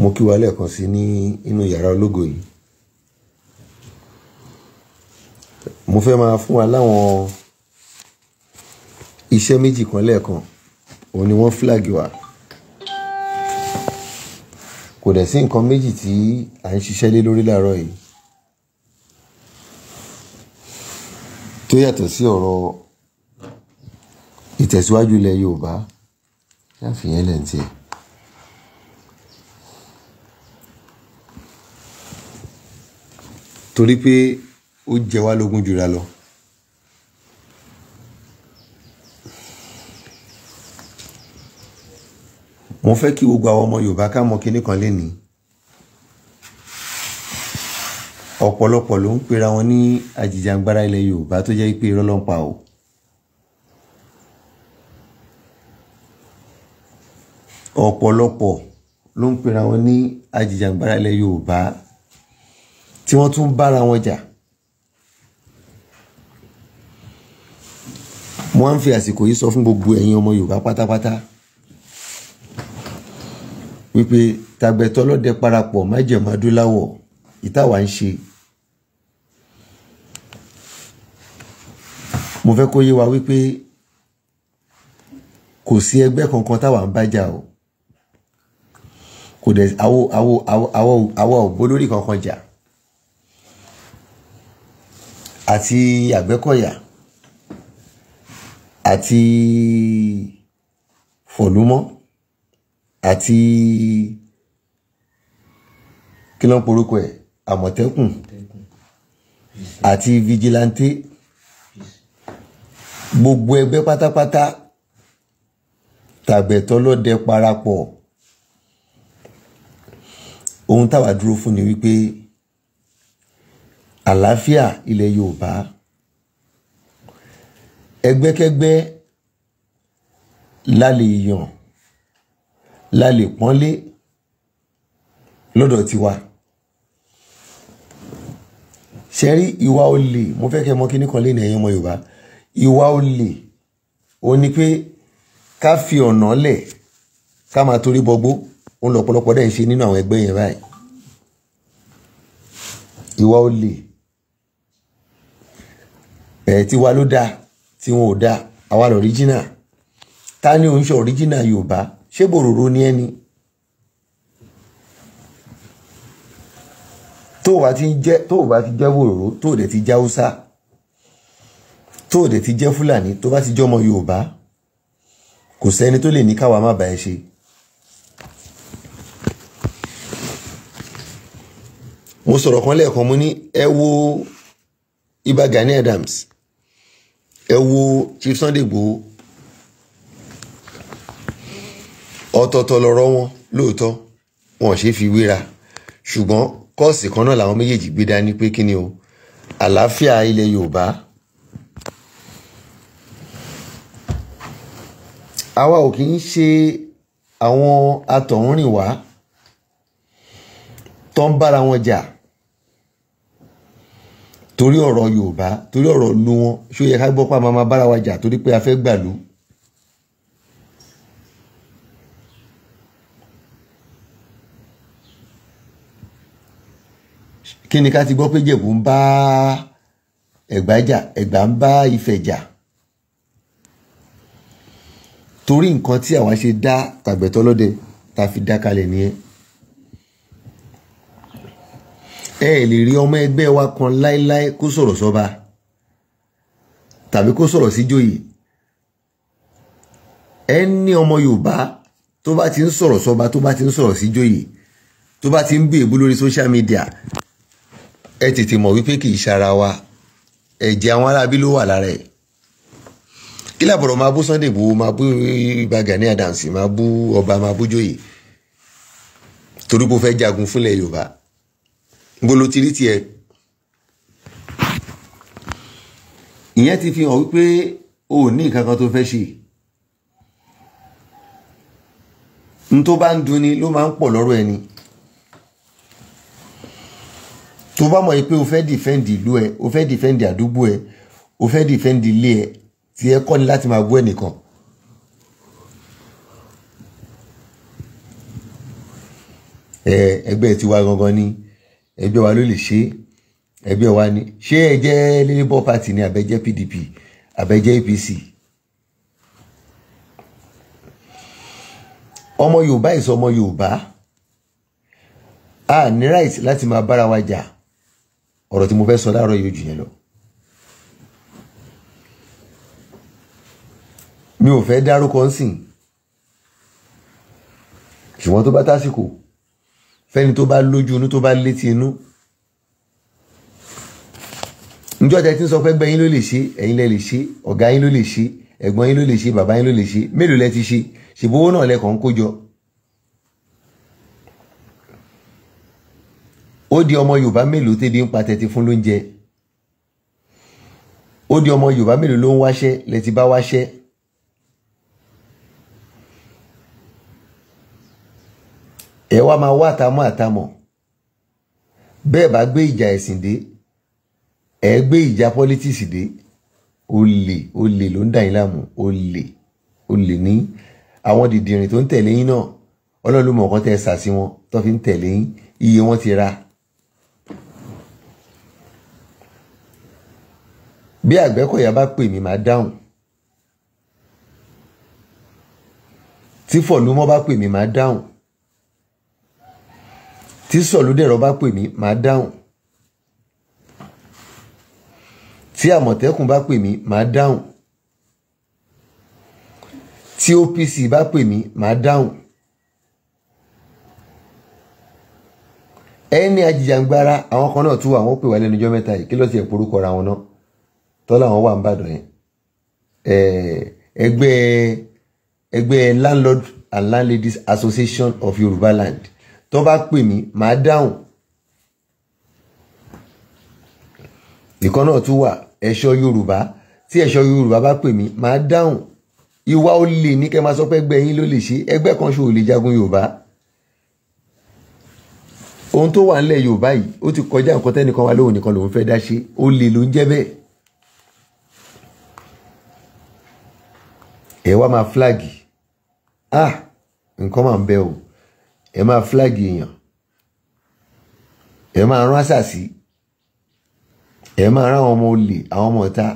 mo kí wa lẹ́ẹ̀kan sí ní inú yàrá ológo yìí mo fẹ́ máa fún wa láwọn iṣẹ́ méjì kan lẹ́ẹ̀kan òun ni wọ́n flag wa kò dẹ̀ sí nǹkan méjì tí à ń ṣiṣẹ́ lé lórí láàárọ̀ yìí tó yàtọ̀ sí ọ̀rọ̀ ìtẹ̀síwájú ilẹ̀ Yorùbá láfihàn lẹ́ǹtì ẹ̀. torí pé ó jẹ wá lógún jura lọ. mo fẹ́ kí gbogbo àwọn ọmọ Yorùbá ká mọ kinní kan lénìí ọ̀pọ̀lọpọ̀ ló ń pera wọn ní àjìjàngbara ilẹ̀ Yorùbá tó jẹ́ pé irọ́ ló ń pa o. ọ̀pọ̀lọpọ̀ ló ń pera wọn ní àjìjàngbara ilẹ̀ Yorùbá tí wọ́n tún bára wọn jà mo á ń fi àsìkò yìí sọ fún gbogbo ẹ̀yin ọmọ Yorùbá pátápátá wípé tàgbẹ̀tọ́ lọ́dẹ parapọ̀ májẹ̀mọ́ adúláwọ̀ ìtawà ń ṣe mo fẹ́ kó yé wa wípé kò sí ẹgbẹ́ kankan táwa ń bá o kò dẹ̀ àwọ̀ àwọ̀ àwọ̀ àwọ̀ ògbólórí kankan jà. Ja àti àgbẹ́kọ̀yà àti fọ̀lúmọ́ àti kí ló ń porúkọ ẹ̀ àmọ̀tẹ́kùn àti vigilante gbogbo ẹgbẹ́ pátápátá tàbẹ̀tọ́ lọ́dẹ parapọ̀ ohun táwa dúró fún ni wípé àlàáfíà ilẹ̀ Yorùbá ẹgbẹ́kẹ́gbẹ́ la lè yàn la lè pọ́nlé lọ́dọ̀ tiwa ṣẹ́rí ìwà olè mo fẹ́ kẹ́ mọ̀ kíní kan lé ní ẹ̀yin ọmọ Yorùbá ìwà olè ó ní pé ká fi ọ̀nà lẹ̀ ká máa torí bọgbó òun lọ́pọ̀lọpọ̀ dẹ̀ ń ṣe nínú àwọn ẹgbẹ́ yẹn báyìí ìwà olè ẹ̀ tiwa ló dáa tiwọn ò dáa àwa lọ original ta ni òun original yorùbá ṣé bòròrò ni ẹni tó o bá ti jẹ́ tó o bá ti jẹ́ bòròrò tó o dẹ̀ ti jẹ́ haúsá tó o dẹ̀ ti jẹ́ fúlàní tó bá ti jẹ́ ọmọ yorùbá kò sẹ́ni tó lè ní káwa má bàa ṣe. mo sọ̀rọ̀ kan lẹ́ẹ̀kan mo ní ẹ wo Ìbà Gani Adams ẹ wo Chief Sunday Igboho ọ̀tọ̀ọ̀tọ̀ lọ̀rọ̀ wọn lóòótọ́ wọn ò ṣeé fi wéra ṣùgbọ́n kọ́ọ̀sì kan náà làwọn méjèèjì gbé dání pé kí ni o àlàáfíà ilẹ̀ Yorùbá àwa ò kì í ṣe àwọn atọ̀húnrìnwá tó ń bára wọn jà. Ja torí ọ̀rọ̀ yorùbá torí ọ̀rọ̀ nu wọn ṣó yẹ ká gbọ́ pé a máa bára wa jà torí pé a fẹ́ gbàlú. kí ni ká ti gbọ́ pé jẹ̀bù ń bá ẹ̀gbá jà ẹ̀gbá ń bá ifẹ̀ jà torí nǹkan tí àwa ṣe dá tàgbẹ̀tọ́lọ́dẹ tá a fi dá kalẹ̀ nìyẹn. ẹ lè rí ọmọ ẹgbẹ́ wa kan láéláé kó sọ̀rọ̀ sọ́ba tàbí kó sọ̀rọ̀ sí joyè ẹ ní ọmọ Yorùbá tó bá ti ń sọ̀rọ̀ sọ́ba tó bá ti ń sọ̀rọ̀ sí joyè tó bá ti ń bú èébú lórí social media ẹ tètè mọ̀ wípé kì í ṣara wa ẹ̀jẹ̀ àwọn aráabí ló wà lára ẹ̀ kí làbọ̀rọ̀ máa bú Sunday Igboho máa bú Ìbà Gani Adams máa bú ọba máa bú joyè torí pé ó fẹ́ jagun fúnlẹ̀ Yorùbá bolo ti rí tiẹ̀ ìyẹn ti fi hàn wípé o ò ní nǹkan kan tó fẹ́ ṣe n tó bá ń dunni ló máa ń pọ̀ lọ́rọ̀ ẹni tó bá mọ̀ pé o fẹ́ dìfẹ́ǹdì ìlú ẹ o fẹ́ dìfẹ́ǹdì àdúgbò ẹ o fẹ́ dìfẹ́ǹdì ilé ẹ tí ẹ kọ́ ni láti máa bú ẹnìkan. ẹ ẹgbẹ́ tiwa gangan ni ẹgbẹ́ wa ló lè ṣe é ẹgbẹ́ wa ni ṣé ẹ jẹ́ labour party ni àbẹ́jẹ́ pdp àbẹ́jẹ́ apc. ọmọ yorùbá ìsọ ọmọ yorùbá a ní right láti máa bára wa jà ọ̀rọ̀ tí mo fẹ́ sọ láàárọ̀ yóò jù yẹn lọ. mi ò fẹ́ dárúkọ ń sìn ṣùgbọ́n tó bá tásìkò fẹ́ni tó bá lójú inú tó bá létí inú njọ́ tẹ ti ń sọ pé ẹgbẹ́ yín ló lè ṣe ẹ̀yin lẹ lè ṣe ọ̀gá yín ló lè ṣe ẹ̀gbọ́n yín ló lè ṣe bàbá yín ló lè ṣe mélòó lẹ ti ṣe ṣèbówó náà lẹ́kọ̀ọ́ ń kó ó di ọmọ Yorùbá mélòó tẹ́bi ń pa tẹ́tí fún lóúnjẹ ó di ọmọ Yorùbá mélòó ló ń wáṣẹ́ lẹ́ti bá wáṣẹ́ ẹ wá máa wá àtàmọ́ àtàmọ́ bẹ́ẹ̀ bá gbé ìjà ẹ̀sìn dé ẹ gbé ìjà pọ́lítíìsì dé olè olè ló ń dà yín láàmú olè olè ní àwọn dìdìrìn tó ń tẹ̀lé yín náà ọlọ́run ló mọ̀ ọ̀kan tẹ́ ẹ sà sí wọn tó fi ń tẹ̀lé yín iye wọn ti ra. bí àgbẹ̀kọ̀yà bá pè mí màá dáhùn tí fọ̀lúmọ́ bá pè mí màá dáhùn tí sọ̀lódẹ̀rọ̀ bá pè mí màá dáhùn tí àmọ̀tẹ́kùn bá pè mí màá dáhùn tí OPC bá pè mí màá dáhùn ẹni ajìjàngbara àwọn kan náà tún wà wọ́n pè wá lẹ́nu ọjọ́ mẹ́ta yìí kí ló ti ẹ̀ porúkọ ra wọn náà tọ́lá àwọn wà ń bàdàn yẹn ẹgbẹ́ ẹgbẹ́ landlord and landladies association of Yorùbá tó bá pè mí màá dáhùn ìkan náà tún wà ẹ̀ṣọ́ Yorùbá tí ẹ̀ṣọ́ Yorùbá bá pè mí màá dáhùn ìwà olè ní kẹ́ máa sọ pé ẹgbẹ́ yín ló lè ṣe ẹgbẹ́ kan ṣò lè jagun Yorùbá ohun tó wà ńlẹ̀ Yorùbá yìí ó ti kọjá nǹkan tẹ́nìkan wà lóhùn nìkan lòún fẹ́ dá ṣe olè ló ń jẹ́ bẹ́ẹ̀ ẹ wá máa flag ah nǹkan máa ń bẹ o ẹ máa fúláàgì èèyàn ẹ máa rán àṣàṣì ẹ máa rán àwọn ọmọ olè àwọn ọmọ ọ̀tá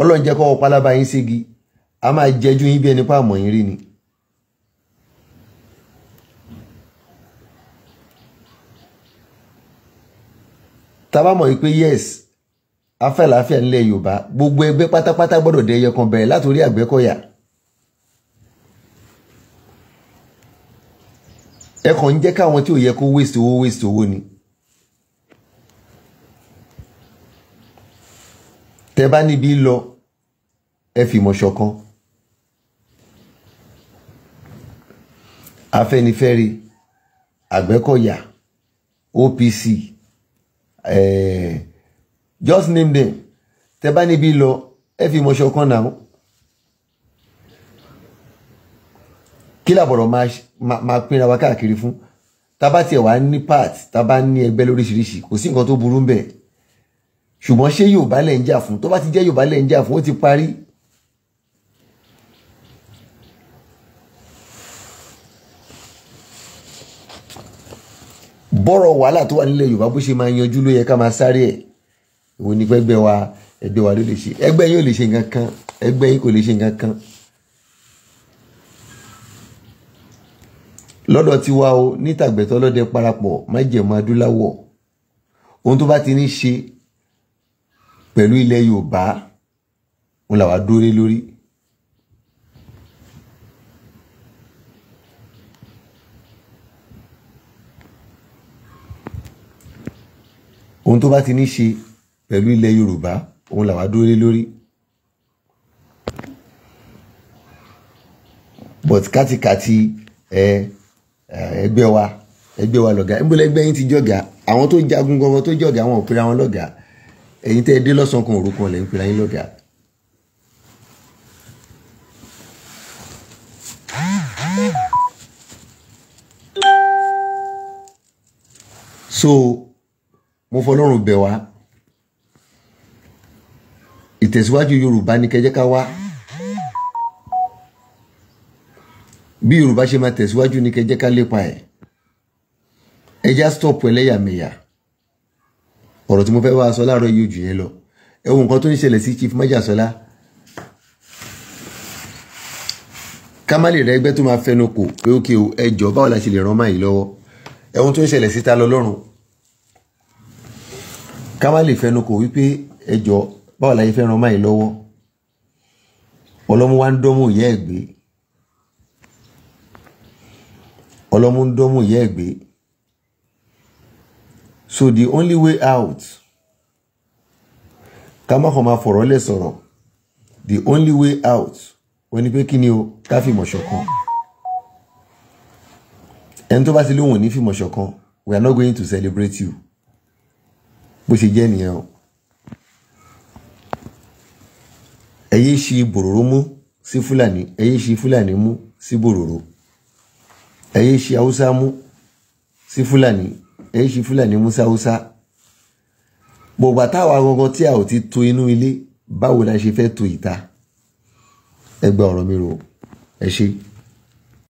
ọlọ́run jẹ́ pálábá yín ségi a máa jẹ́jú yín bí ẹni pa àmọ́ yín rí ni. tábà mọ̀ wípé yes afẹ́làáfíà ńlẹ̀ yorùbá gbogbo ẹgbẹ́ pátápátá gbọ́dọ̀ dẹ́yẹ kan bẹ̀rẹ̀ látòrí àgbẹ̀kọ̀yà. ẹ kàn ń jẹ́ káwọn tí ò yẹ kó waste owó waste owó ni. tẹ bá níbi lọ ẹ fìmọ̀ ṣọ̀kan. afẹ́nifẹ́re àgbẹ̀kọ̀yà OPC eh, just name them tẹ bá níbi lọ ẹ fìmọ̀ ṣọ̀kan náà. kí làbọ̀rọ̀ máa pínra wa káàkiri fún tá bá tiẹ̀ wá ní part tá bá ní ẹgbẹ́ lóríṣiríṣi kò sí nǹkan tó burú ń bẹ̀ ṣùgbọ́n ṣé Yorùbá lẹ̀ ń jà fún tó bá ti jẹ́ Yorùbá lẹ̀ ń jà fún ó ti parí bọ́rọ̀ wàhálà tó wà nílẹ̀ yorùbá bó ṣe máa yanjú ló yẹ ká máa sáré ẹ̀ òun ni pẹ́gbẹ́ wa ẹgbẹ́ wa ló lè ṣe ẹgbẹ́ yín ò lè ṣe nǹkan kan ẹgbẹ́ yín kò lè ṣe nǹkan kan lọ́dọ̀ tiwa o nítàgbẹ̀tọ́ lọ́dẹ parapọ̀ májẹ̀mú adúláwọ̀ ohun tó bá ti ní ṣe pẹ̀lú ilẹ̀ Yorùbá òun làwa dúró lórí. ohun tó bá ti ní ṣe pẹ̀lú ilẹ̀ Yorùbá òun làwa dúró lórí. but kátikati ẹ. Eh, Eh, ẹgbẹ́ wa ẹgbẹ́ wa lọ̀gá ẹgbẹ́ ẹgbẹ́ yín ti jọ̀gá àwọn tó jagun gan tó jọ̀gá àwọn ò pera wọn lọ̀gá ẹ̀yin tẹ́ ẹ dé lọ́sàn-án kan òrukàn lẹ́yìn pera yín lọ̀gá. so mo fọlọ́run bẹ̀ wá ìtẹ̀síwájú yorùbá ní kẹjẹ́ ká wá. bí yorùbá ṣe máa tẹ̀síwájú ní kẹjẹ́ ká lépa ẹ̀ ẹjá stọ́ọ̀pù ẹlẹ́yàmẹ̀yà ọ̀rọ̀ tí mo fẹ́ wá sọ láàárọ̀ yìí jù yẹn lọ ẹ nǹkan tó ń ṣẹlẹ̀ sí chief majasola. ká má lè rẹ ẹgbẹ́ tó máa fẹnu kò pé ókè o ẹ jọ báwo la ṣe lè ràn máa yìí lọ́wọ́ ẹ̀hún tó ń ṣẹlẹ̀ síta lọ lọ́rùn ká fẹnu kò wípé ẹ báwo la ṣe fẹ́ ràn máa yìí lọ́wọ́ ọlọ́mú wa ń dánwò ìyá ẹ̀ ọlọ́mú ń dọ́mú so the only way out ká má kàn máa fọ̀rọ̀ lẹ̀ sọ̀rọ̀ the only way out wọ́n ní pé kí ni o ká fìmọ̀ ṣọ̀kan ẹni tó bá ti lóhùn ní fìmọ̀ ṣọ̀kan we are not going to celebrate you bó ṣe jẹ́ nìyẹn o ẹ yéé ṣi bòròró mú sí fúlàní ẹ yéé ṣi fúlàní mú sí bòròró ẹ yé ṣe haúsá mú sí fúlàní ẹ yé ṣe fúlàní mú sí haúsá bọ̀gbà táwa gangan tí a ò ti to inú ilé báwo la ṣe fẹ́ to ìta ẹ ọ̀rọ̀ mi rò ẹ ṣe.